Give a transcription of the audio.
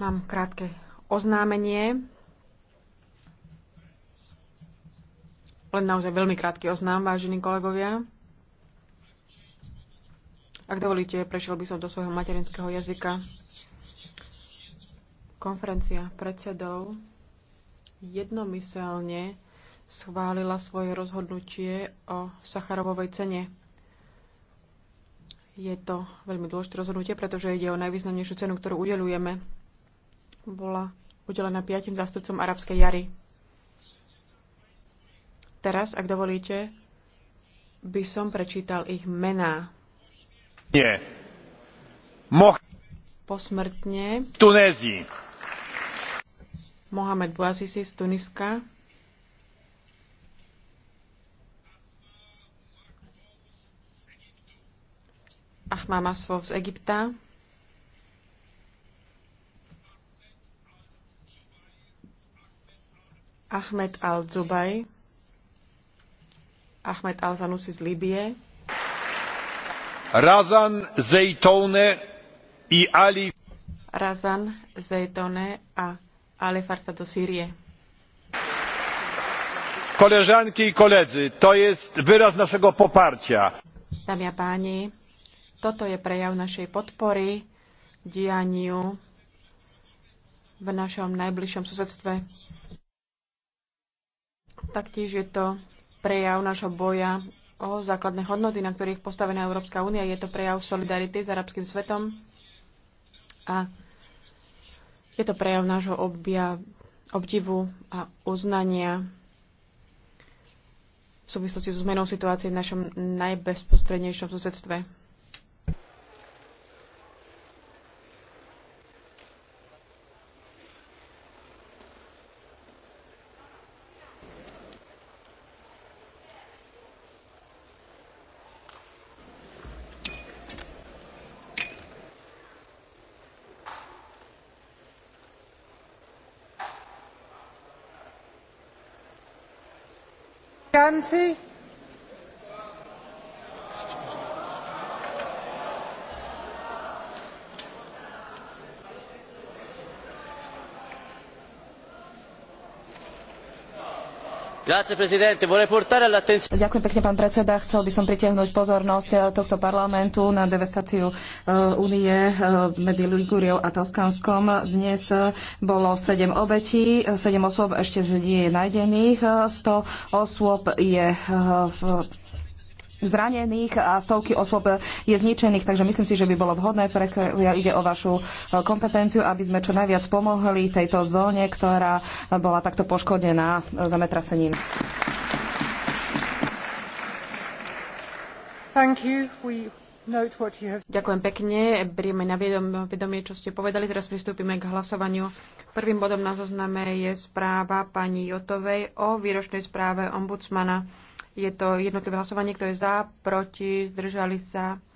Mám krátke oznámenie. Len naozaj veľmi krátky oznám, vážení kolegovia. Ak dovolíte, prešiel by som do svojho materinského jazyka. Konferencia predsedov jednomyselne schválila svoje rozhodnutie o Sacharovovej cene. Je to veľmi dôležité rozhodnutie, pretože ide o najvýznamnejšiu cenu, ktorú udelujeme. Bola udelená piatim zástupcom arabskej jary. Teraz, ak dovolíte, by som prečítal ich mená. Nie. Moh- Posmrtne. Tunézii. Mohamed Bouazizi z Tuniska. Mamasvo z Egypta. Ahmed al-Zubaj, Ahmed al-Zanusi z Libie, Razan Zeytone i Ali Razan Zeytone a Ali Farta do Syrie. Koleżanki i koledzy, to jest wyraz naszego poparcia. Dámy a páni, toto je prejav našej podpory dianiu v našom najbližšom susedstve. Taktiež je to prejav nášho boja o základné hodnoty, na ktorých postavená Európska únia. Je to prejav solidarity s arabským svetom a je to prejav nášho obja, obdivu a uznania v súvislosti so zmenou situácie v našom najbezprostrednejšom susedstve. Franzi. Ďakujem pekne, pán predseda. Chcel by som pritiahnuť pozornosť eh, tohto parlamentu na devastáciu eh, únie eh, medzi Liguriou a Toskanskom. Dnes bolo 7 obetí, 7 osôb ešte nie je nájdených, 100 osôb je zranených a stovky osôb je zničených, takže myslím si, že by bolo vhodné, ja ide o vašu e, kompetenciu, aby sme čo najviac pomohli tejto zóne, ktorá bola takto poškodená e, zametrasením. Ďakujem pekne. Berieme na vedomie, čo ste povedali. Teraz pristúpime k hlasovaniu. Prvým bodom na zozname je správa pani Jotovej o výročnej správe ombudsmana je to jednotlivé hlasovanie, kto je za, proti, zdržali sa,